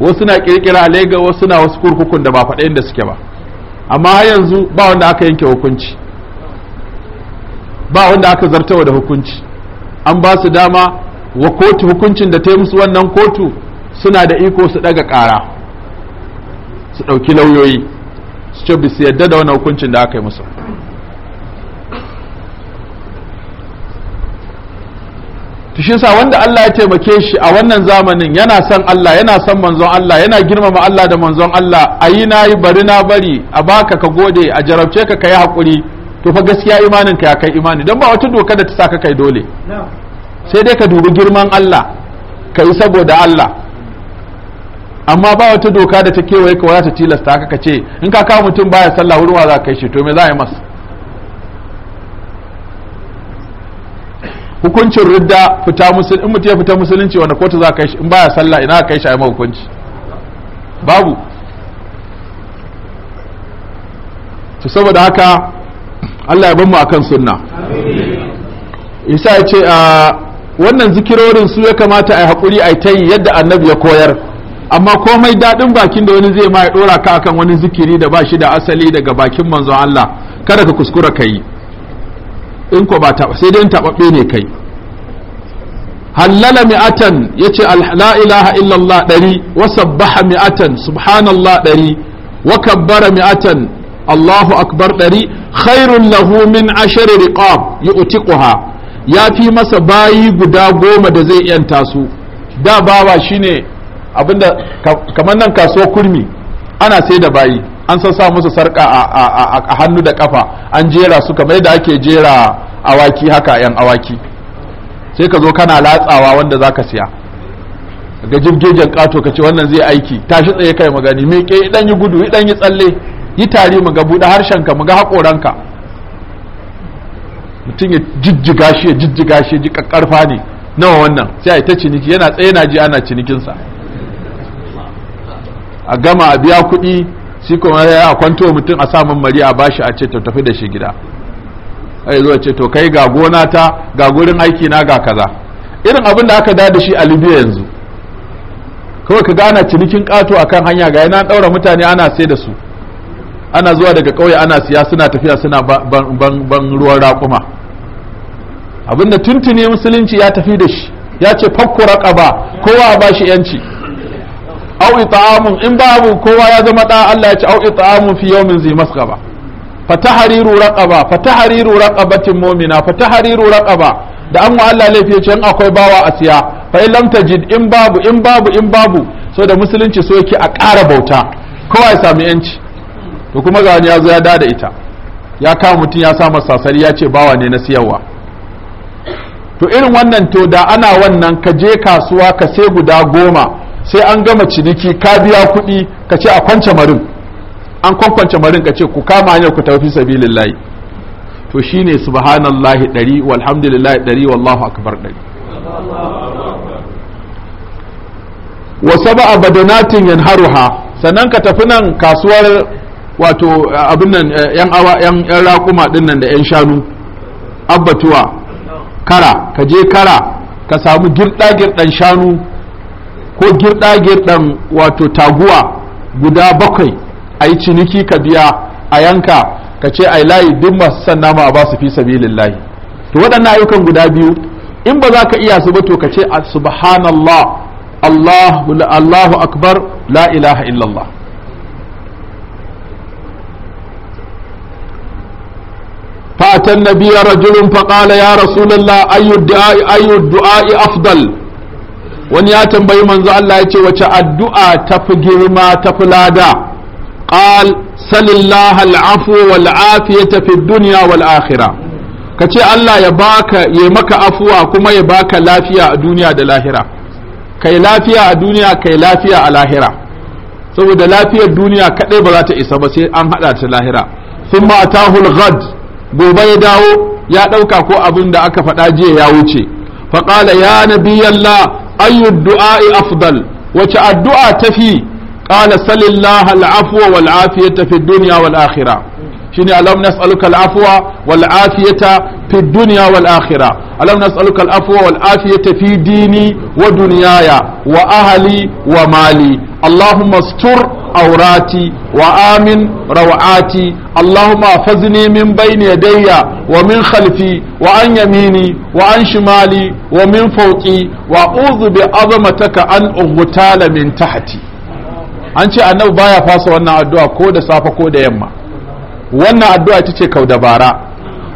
wasu na kirkira a Lagos wasu na wasu kurkukun da ba faɗa inda suke ba amma har yanzu ba wanda aka yanke hukunci ba wanda aka zartawa da hukunci an ba su dama wa kotu hukuncin da ta yi musu wannan kotu suna da iko su daga ƙara su ɗauki lauyoyi su ce bisu yadda da wani hukuncin da aka yi musu Tushin sa wanda Allah ya taimake shi a wannan zamanin yana son Allah yana son manzon Allah yana girmama Allah da manzon Allah a yi na yi bari na bari a baka ka gode a jarabce ka ka yi haƙuri to fa gaskiya imanin ka ya kai imani don ba wata doka da ta sa ka kai dole sai dai ka dubi girman Allah ka yi saboda Allah amma ba wata doka da ta kewaye ka wata tilasta haka ka ce in ka kawo mutum baya sallah wurin za ka shi to me za a yi masa hukuncin ridda fita musulunci in mutum ya fita musulunci wanda kotu za ka shi in baya sallah ina ka shi a yi hukunci babu to saboda haka Allah ya ban mu akan sunna isa ya ce a ah, wannan zikirorin su ya kamata a yi haƙuri a yi ta yi yadda annabi ya koyar amma komai daɗin bakin da wani zai ma ya ɗora ka akan wani zikiri da ba shi da asali daga bakin manzon Allah kada ka kuskura ka yi in ko ba sai dai taɓaɓɓe ne kai hallala mi'atan yace la ilaha illallah ɗari wa sabbaha mi'atan subhanallah ɗari wa kabbara mi'atan Allahu akbar ɗari khairun lahu min ashari riqab yu'tiquha ya fi masa bayi guda goma da zai yanta su da bawa shine abinda kamar nan kaso kurmi ana sai da bayi an san sa musu sarka a hannu da kafa an jera su kamar da ake jera awaki haka yan awaki sai ka zo kana latsawa wanda zaka siya ga jibgejen kato ka ce wannan zai aiki tashi tsaye kai magani me ke dan yi gudu dan yi tsalle yi tari mu ga buɗe harshen ka mu ga ka mutum ya jijjiga shi ya jijjiga shi ji kakkarfa ne nawa wannan sai a ta ciniki yana tsaye na ji ana cinikinsa a gama a biya kuɗi shi kuma ya kwanto mutum a samun mari a bashi a ce ta tafi da shi gida ai zuwa ce to kai ga gona ta ga gurin aiki na ga kaza irin abin da aka da da shi a libya yanzu kawai ka gana cinikin kato akan hanya ga yana daura mutane ana sai da su ana zuwa daga ƙauye ana siya suna tafiya suna ban ruwan raƙuma abinda tuntuni musulunci ya tafi da shi ya ce fakkura raƙaba kowa ba shi yanci au it'amun in babu kowa ya zama da Allah ya ce au it'amun fi yawmin zai masgaba fatahriru raqaba fatahriru raqabatin mu'mina fatahriru raqaba da an Allah laifi ya ce in akwai bawa a siya fa in lam tajid in babu in babu in babu so da musulunci so yake a ƙara bauta kowa ya sami yanci to kuma ga wani ya zo ya dada ita ya kama mutum ya sa masa sasari ya ce bawa ne na siyarwa to irin wannan to da ana wannan ka je kasuwa ka sai guda goma sai an gama ciniki ka biya kuɗi ka ce a kwance marin an kwankwance marin ka ce ku kama hanyar ku tafi layi. to shi ne subhanallahi ɗari walhamdulillahi ɗari wallahu akbar ɗari wa sab'a badanatin haruha sannan ka tafi nan kasuwar wato abin nan eh, yan awa yan raƙuma ɗin nan da yan shanu abbatuwa kara ka je kara ka samu girɗa-girɗan shanu ko girɗa-girɗan wato taguwa guda bakwai a yi ciniki ka biya a yanka ka ce ai layi duk masu san nama a basu fi sabilillahi to waɗannan ayyukan guda biyu in ba za ka iya su ba to ka ce subhanallah Allahu Allahu akbar la ilaha illallah Fatan النبي رجل فقال يا رسول الله أي الدعاء wani ya tambayi manzo Allah ya ce wace addu'a tafi girma tafi lada qal salillah al'afu wal afiyata fid dunya wal akhirah kace Allah ya baka ya maka afuwa kuma ya baka lafiya a duniya da lahira kai lafiya a duniya kai lafiya a lahira saboda lafiyar duniya kadai ba za ta isa ba sai an hada ta lahira thumma atahul ghad gobe ya dawo ya dauka ko abin da aka faɗa jiya ya wuce faqala ya nabiyallah ayyu du'a'i afdal wace addu'a tafi qala salillahu al'afwa wal afiyata fi dunya wal akhirah shine alam nas'aluka afwa wal afiyata fi dunya wal akhirah alam nas'aluka afwa wal afiyata fi dini wa dunyaya wa ahli wa mali allahumma astur aurati wa amin rawati Allahumma fazni min bayni yadayya wa min khalfi wa an yamini wa an shimali wa min fawqi wa a'udhu bi azamataka an ughtala min tahti an ce annabi baya fasa wannan addu'a ko da safa ko da yamma wannan addu'a ita ce kaudabara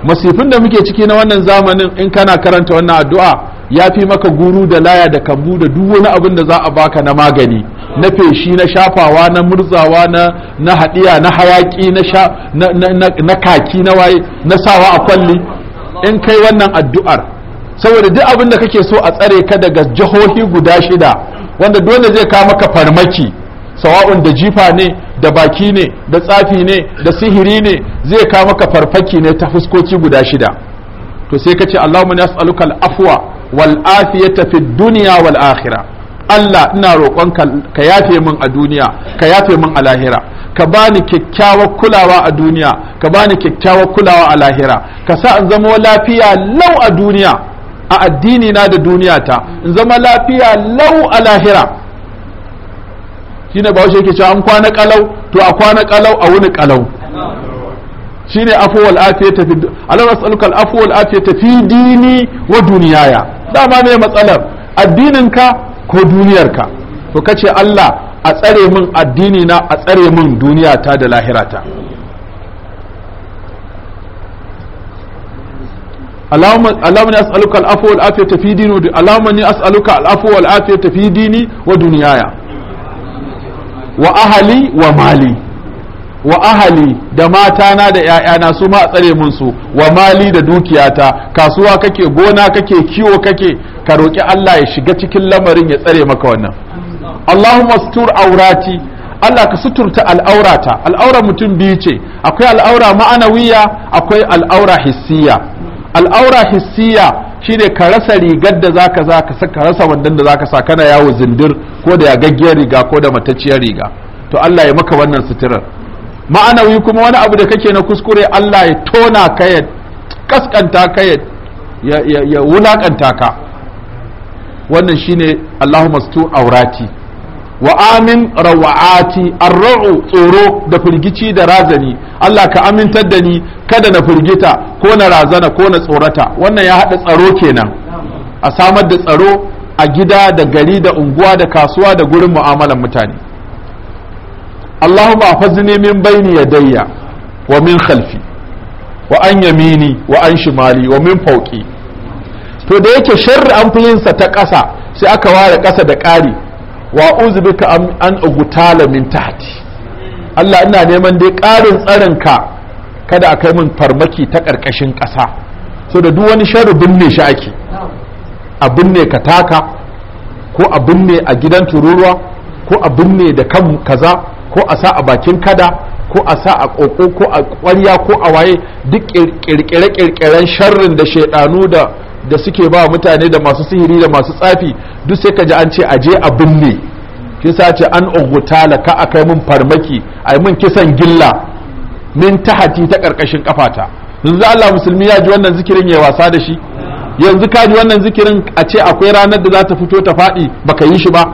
masifin da muke ciki na wannan zamanin in kana karanta wannan addu'a ya fi maka guru da laya da kambu da duk wani abin da za a baka na magani na feshi na shafawa na murzawa na na na hayaki na na kaki na waye na sawa a kwalli in kai wannan addu'ar saboda duk abin da kake so a tsare ka daga jihohi guda shida wanda dole zai kawo maka farmaki sawa'un da jifa ne da baki ne da tsafi ne da sihiri ne zai kawo maka farfaki ne ta fuskoki guda shida to sai ka ce Allahumma nas'aluka al-afwa wal afiyata fid dunya wal akhirah Allah ina roƙon ka yafe min a duniya ka yafe min a lahira ka bani kyakkyawar kulawa a duniya ka bani kyakkyawar kulawa a lahira ka sa in zama lafiya lau a duniya a addini na da duniya ta in zama lafiya lau a lahira shine ba yake cewa an kwana kalau to a kwana kalau a wuni kalau shine afwal afiyata fi Allah rasuluka al-afwal fi dini wa duniyaya dama ne matsalar addinin ka ko duniyarka to kace Allah a tsare min addini na a tsare min duniyata da lahirata alamani as'aluka al'afu wal afiya ta fi dini alamun ni as'aluka al'afu wal afiya ta fi dini wa duniyaya wa ahali wa mali wa ahali da matana da ‘ya'yana su ma a tsare mun su wa mali da dukiyata kasuwa kake gona kake kiwo kake ka roƙi Allah ya shiga cikin lamarin ya tsare maka wannan Allahumma sutur aurati Allah ka suturta al'aurata al'aura mutum biyu ce akwai al'aura ma'anawiya akwai al'aura hissiya al'aura hissiya shine ka rasa rigar da zaka zaka ka rasa wandan da zaka sa kana yawo zindir ko da ya yagaggiyar riga ko da matacciyar riga to Allah ya maka wannan suturar ma'anawi kuma wani abu da kake na kuskure Allah ya tona ka ya kaskanta ka ya ya wulakanta ka wannan shine Allahumma stu aurati wa amin rawa'ati arru tsoro da firgici da razani Allah ka amintar da ni kada na firgita ko na razana ko na tsorata wannan ya haɗa tsaro kenan a samar da tsaro a gida da gari da unguwa da kasuwa da gurin mu'amalan mutane اللهم احفظني من بين يدي ومن خلفي وعن يميني وعن شمالي ومن فوقي to da yake sharri an fi yinsa ta ƙasa sai aka ware ƙasa da ƙari wa uzbika an ugutala min tahti Allah ina neman dai ƙarin tsarinka kada a kai min farmaki ta ƙarƙashin ƙasa so da duk wani sharri binne shi ake a binne ka taka ko a binne a gidan tururuwa ko a binne da kan kaza ko a sa a bakin kada ko a sa a koko ko a ƙwarya, ko a waye duk kirkire-kirkiren sharrin da shaidanu da suke ba mutane da masu sihiri da masu tsafi duk sai ka ji an ce aje a binne kin sa ce an la ka a kai mun farmaki ai mun kisan gilla min tahati ta karkashin kafata yanzu Allah musulmi ya ji wannan zikirin ya wasa da shi yanzu ka ji wannan zikirin a ce akwai ranar da za ta fito ta faɗi baka yi shi ba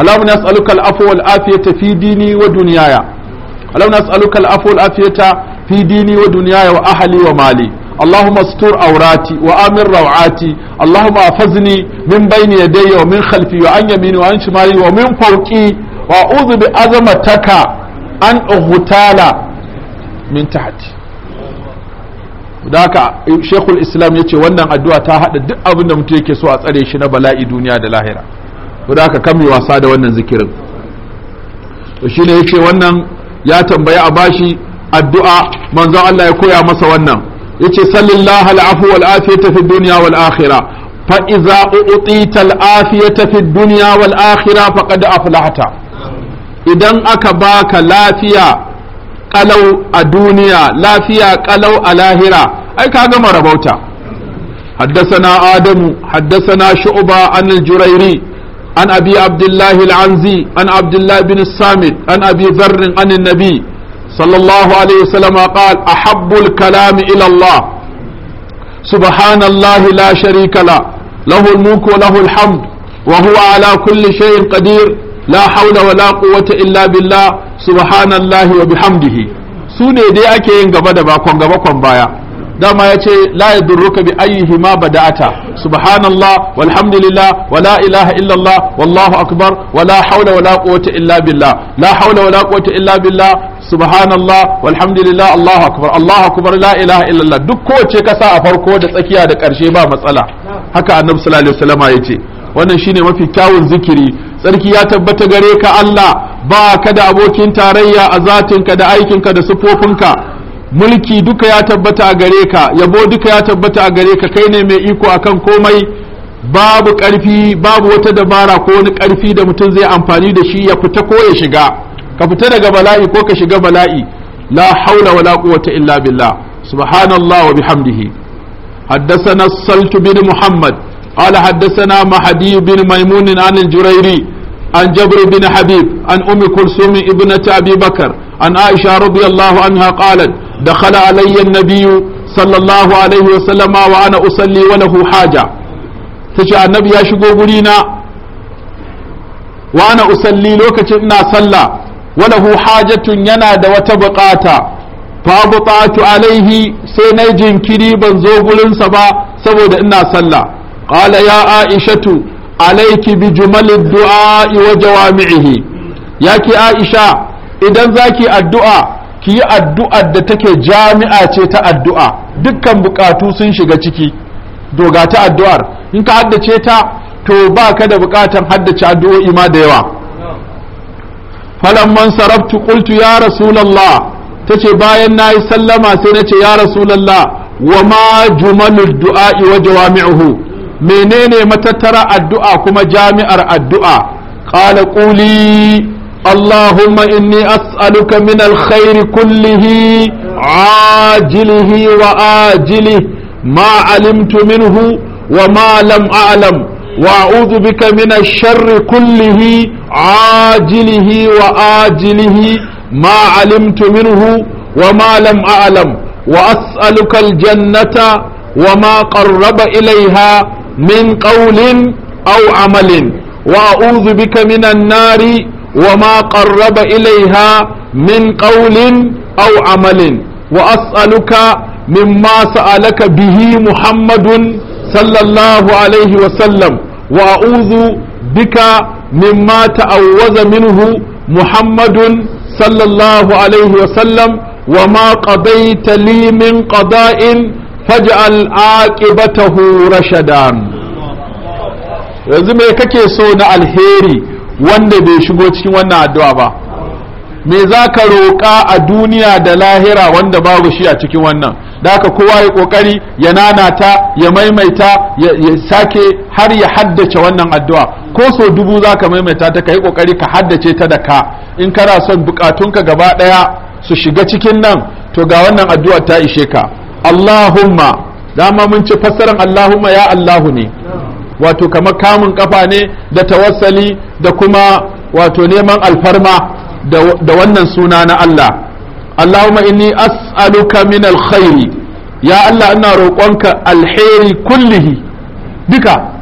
اللهم نسألك العفو والعافية في ديني ودنياي اللهم نسألك العفو والعافية في ديني ودنياي وأهلي ومالي اللهم استر عوراتي وآمن روعاتي اللهم أفزني من بين يدي ومن خلفي وعن يميني وعن شمالي ومن فوقي وأعوذ بعظمتك أن أغتال من تحتي da haka shekul islam ya ce wannan addu'a ta haɗa duk abin da mutum yake so a tsare shi na bala'i duniya da lahira ko da aka kame wasa da wannan zikirin to shine yace wannan ya tambayi a bashi addu'a manzo Allah ya koya masa wannan yace sallallahu al'afu wal afiyata fi dunya wal akhirah fa idza u'tita al afiyata fi dunya wal akhirah faqad aflahta idan aka baka lafiya kalau a duniya lafiya kalau a lahira ai ka gama rabauta حدثنا آدم حدثنا شعبة عن الجريري عن أبي عبد الله العنزي عن عبد الله بن الصامت عن أبي ذر عن النبي صلى الله عليه وسلم قال أحب الكلام إلى الله سبحان الله لا شريك له له الملك وله الحمد وهو على كل شيء قدير لا حول ولا قوة إلا بالله سبحان الله وبحمده سوني دي أكي ينقبض باكم باكم بايا dama ya ce la yadurruka bi ayyihi ma bada'ata subhanallah walhamdulillah wala ilaha illallah wallahu akbar la hawla wala quwwata illa billah la hawla wala quwwata illa billah subhanallah walhamdulillah allahu akbar allahu akbar la ilaha illallah duk kowace kasa a farko da tsakiya da karshe ba matsala haka annabi sallallahu alaihi wasallama yace wannan shine mafi kyawun zikiri tsarki ya tabbata gare ka Allah ba ka da abokin tarayya a zatinka da aikinka da sufofinka mulki duka ya tabbata a gare ka yabo duka ya tabbata a gare ka kai ne mai iko akan komai babu ƙarfi babu wata dabara ko wani ƙarfi da mutum zai amfani da shi ya fita ko ya shiga ka fita daga bala'i ko ka shiga bala'i la haula wala quwwata illa billah subhanallah wa bihamdihi حدثنا السلت bin muhammad قال حدثنا مهدي بن ميمون عن الجريري عن جبر بن حبيب عن أم كلثوم ابنة أبي بكر عن عائشة رضي الله عنها قالت دخل علي النبي صلى الله عليه وسلم وانا اصلي وله حاجه تجي النبي يا شغو غرينا وانا اصلي لوكتي ina sallah وله حاجه yana da wata bukata fabutatu alaihi sai na jinkiri ban zo gurinsa ba saboda ina sallah qala ya aishatu alaiki bi jumalid du'a wa jawami'ihi aisha idan zaki addu'a ki yi addu'ar da take jami'a ce ta addu'a dukkan bukatu sun shiga ciki doga ta addu'ar in ka haddace ta to ba ka da bukatan haddace addu'o'i ma da yawa falamman sarabtu qultu ya rasulallah ta ce bayan na yi sallama sai na ce ya rasulallah wa ma jumalul du'a'i wa jawami'uhu menene matattara addu'a kuma jami'ar addu'a Ƙala ƙuli. اللهم إني أسألك من الخير كله عاجله وآجله ما علمت منه وما لم أعلم وأعوذ بك من الشر كله عاجله وآجله ما علمت منه وما لم أعلم وأسألك الجنة وما قرب إليها من قول أو عمل وأعوذ بك من النار وما قرب إليها من قول أو عمل وأسألك مما سألك به محمد صلى الله عليه وسلم وأعوذ بك مما تعوذ منه محمد صلى الله عليه وسلم وما قضيت لي من قضاء فاجعل عاقبته رشدا yanzu me kake so na alheri wanda bai shigo cikin wannan addu'a ba me za ka roƙa a duniya da lahira wanda babu shi a cikin wannan da haka kowa ya ƙoƙari ya nanata ya maimaita ya sake har ya haddace wannan addu'a ko so dubu za ka maimaita ta ka yi ƙoƙari ka haddace ta da ka in kana son buƙatunka gaba ɗaya su shiga cikin nan to ga wannan addu'a ta ishe ka Allahumma dama mun ce fassarar Allahumma ya Allahu ne wato kamar kamun kafa ne da tawassali da kuma wato neman alfarma da wannan suna na Allah Allahumma inni as'aluka min alkhairi ya Allah ina roƙonka alheri kullihi duka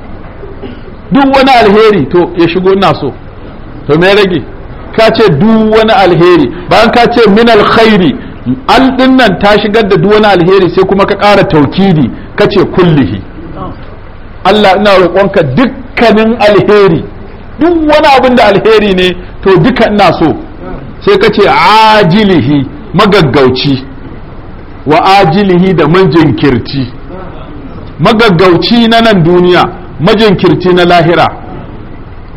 duk wani alheri to ya shigo ina so to me rage ka ce duk wani alheri bayan ka ce min alkhairi al ta shigar da duk wani alheri sai kuma ka ƙara taukidi ka ce kullihi Allah ina roƙonka dukkanin alheri duk wani abin da alheri ne to duka ina so sai ka ce ajilihi magaggauci wa ajilihi da majinkirci magaggauci na nan duniya majinkirci na lahira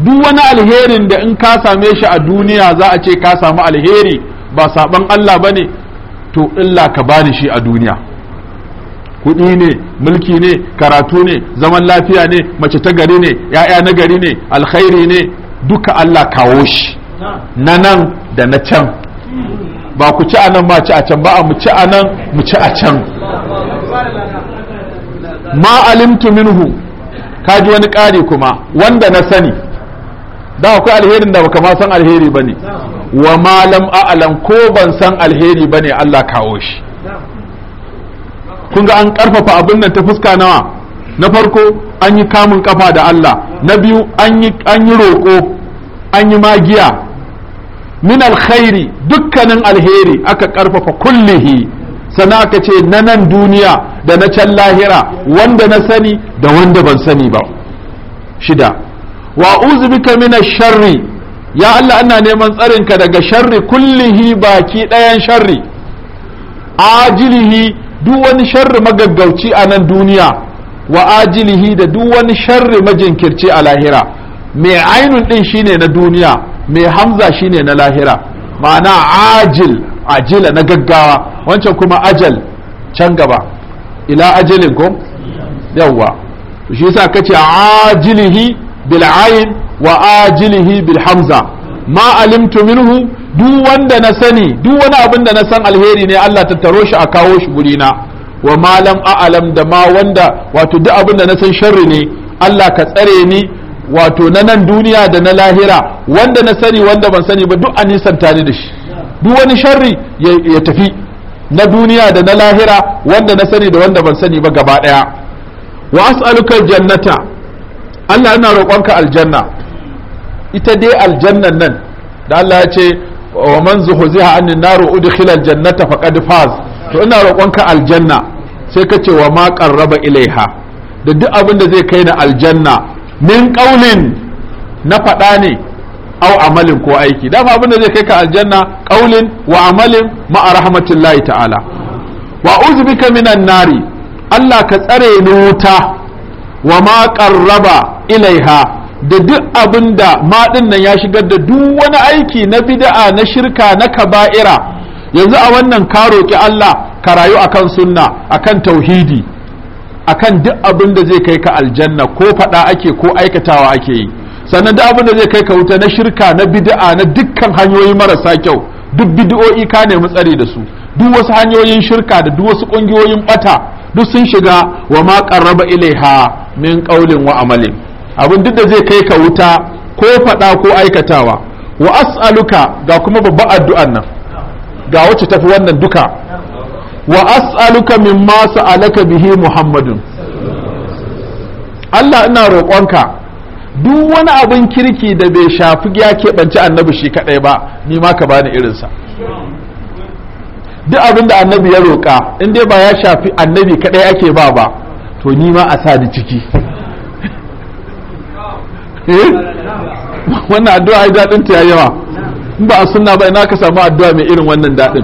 duk wani alherin da in ka same shi a duniya za a ce ka samu alheri ba saban Allah ba ne to illa ka bani shi a duniya kuɗi ne mulki ne karatu ne zaman lafiya ne mace ta gari ne ya'ya na gari ne alkhairi ne duka Allah kawo shi na nan da na can ba ku ci a nan ci a can ba a mu ci a mu ci a can ma alimtu minhu kaji wani ƙari kuma wanda na sani da akwai alherin da baka ma san alheri bane wa malam a'alam ko ban san alheri bane Allah kawo shi kun ga an karfafa abin nan ta fuska nawa na farko an yi kamun kafa da Allah na biyu an yi roƙo an yi magiya min alkhairi dukkanin alheri aka karfafa kullihi sana aka ce na nan duniya da na can lahira wanda na sani da wanda ban sani ba shida wa uzbika min sharri ya Allah ana neman tsarinka daga sharri kullihi baki ɗayan sharri ajilihi duk wani sharri magaggauci a nan duniya wa ajilihi da duk wani sharri majinkirci a lahira mai ainun din shine na duniya mai hamza shine na lahira ma'ana ajil ajila na gaggawa wancan kuma ajal can gaba ila ajalin ko yawwa shi yasa kace ajilihi bil ain wa ajilihi bil hamza ma alimtu minhu duk wanda na sani duk wani abin da na san alheri ne Allah tattaro shi a kawo shi guri na wa malam a'alam da ma wanda wato duk abin da na san sharri ne Allah ka tsare ni wato na nan duniya da na lahira wanda na sani wanda ban sani ba duk an nisanta ni da shi duk wani sharri ya tafi na duniya da na lahira wanda na sani da wanda ban sani ba gaba daya wa as'aluka jannata Allah ina roƙonka aljanna ita dai aljannan nan da Allah ya ce wa man zuhziha anin nar udkhila aljannata faqad faz to ina roƙonka aljanna sai ka ce wa ma qarraba ilaiha da duk abin da zai kai na aljanna min qaulin na faɗa ne au amalin ko aiki da abin da zai kai ka aljanna qaulin wa amalin ma'a rahmatillahi ta'ala wa uzbika minan nari Allah ka tsare ni wuta wa ma qarraba ilaiha da duk abin da maɗin nan ya shigar da duk wani aiki na bida'a na shirka na kaba'ira yanzu a wannan ka roƙi Allah ka rayu a akan sunna kan tauhidi a kan duk abin da zai kai ka aljanna ko faɗa ake ko aikatawa ake yi sannan duk abin da zai kai ka wuta na shirka na bida'a na dukkan hanyoyi marasa kyau duk bid'o'i ka nemi tsare da su duk wasu hanyoyin shirka da duk wasu ƙungiyoyin ɓata duk sun shiga wa ma ƙarraba ilaiha min ƙaulin wa amalin abin duk da zai kai ka wuta ko faɗa ko aikatawa wa as'aluka ga kuma babban addu'an nan ga wacce tafi wannan duka wa as'aluka mimma sa'alaka bihi muhammadun Allah ina roƙonka duk wani abin kirki da bai shafi ya keɓance annabi shi kaɗai ba ni ma ka bani irinsa duk abin da annabi ya roƙa in dai ba ya shafi annabi kaɗai ake ba ba to ni ma a sa ni ciki eh wannan addu'a ai dadin ta yawa in ba sunna ba ina ka samu addu'a mai irin wannan dadin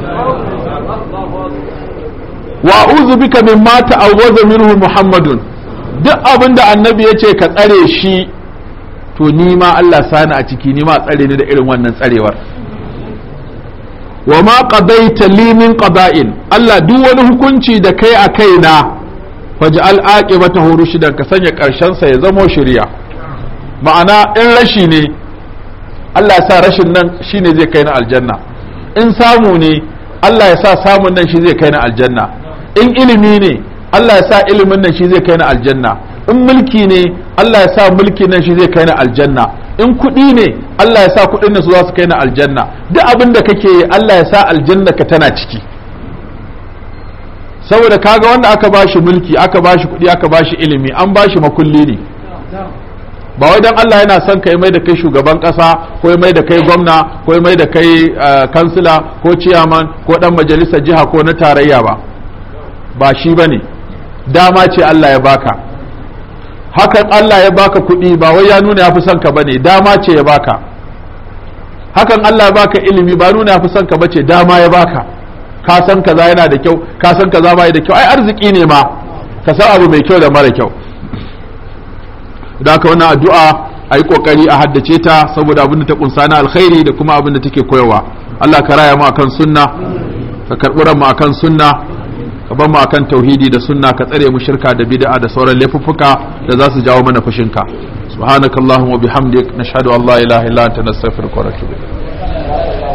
wa a'udhu bika ma ta'awwaza minhu muhammadun duk abin da annabi ya ce ka tsare shi to ni ma Allah sani a ciki ni ma tsare ni da irin wannan tsarewar wa ma qadaita li min qada'in Allah duk wani hukunci da kai a kaina faj'al aqibata hurushidan ka sanya karshen sa ya zamo shari'a ma'ana in rashi ne Allah ya sa rashin nan shine zai kai na aljanna in samu ne Allah ya sa samun nan shi zai kai na aljanna in ilimi ne Allah ya sa ilimin nan shi zai kai na aljanna in mulki ne Allah ya sa mulki nan shi zai kai na aljanna in kuɗi ne Allah ya sa kuɗin nan su za su kai na aljanna duk abin da kake yi Allah ya sa aljanna ka tana ciki saboda kaga wanda aka bashi mulki aka bashi kuɗi aka bashi ilimi an bashi makulli ne ba wai don Allah yana son ka yi mai da kai shugaban kasa ko mai da kai gwamna ko mai da kai eh, kansila ko ciyaman ko dan majalisar jiha ko na tarayya ba ba shi ba ne. dama ce Allah ya baka hakan Allah ya baka kuɗi ba wai ya nuna ya fi son ka ba ne. dama ce ya baka hakan Allah ya baka ilimi ba nuna ya fi son ka ba ce. dama ya baka ka san kaza yana da kyau ka san kaza yi da kyau ai arziki ne ma ka san abu mai kyau da mara kyau da aka wani addu'a a yi ƙoƙari a haddace ta saboda abin da ta ƙunsa na alkhairi da kuma abin da take koyarwa Allah ka raya mu kan sunna ka karɓi mu kan sunna ka bar mu kan tauhidi da sunna ka tsare mu shirka da bid'a da sauran laifuffuka da za su jawo mana fushinka subhanakallahumma bihamdik nashhadu an la ilaha illa anta nastaghfiruka wa natubu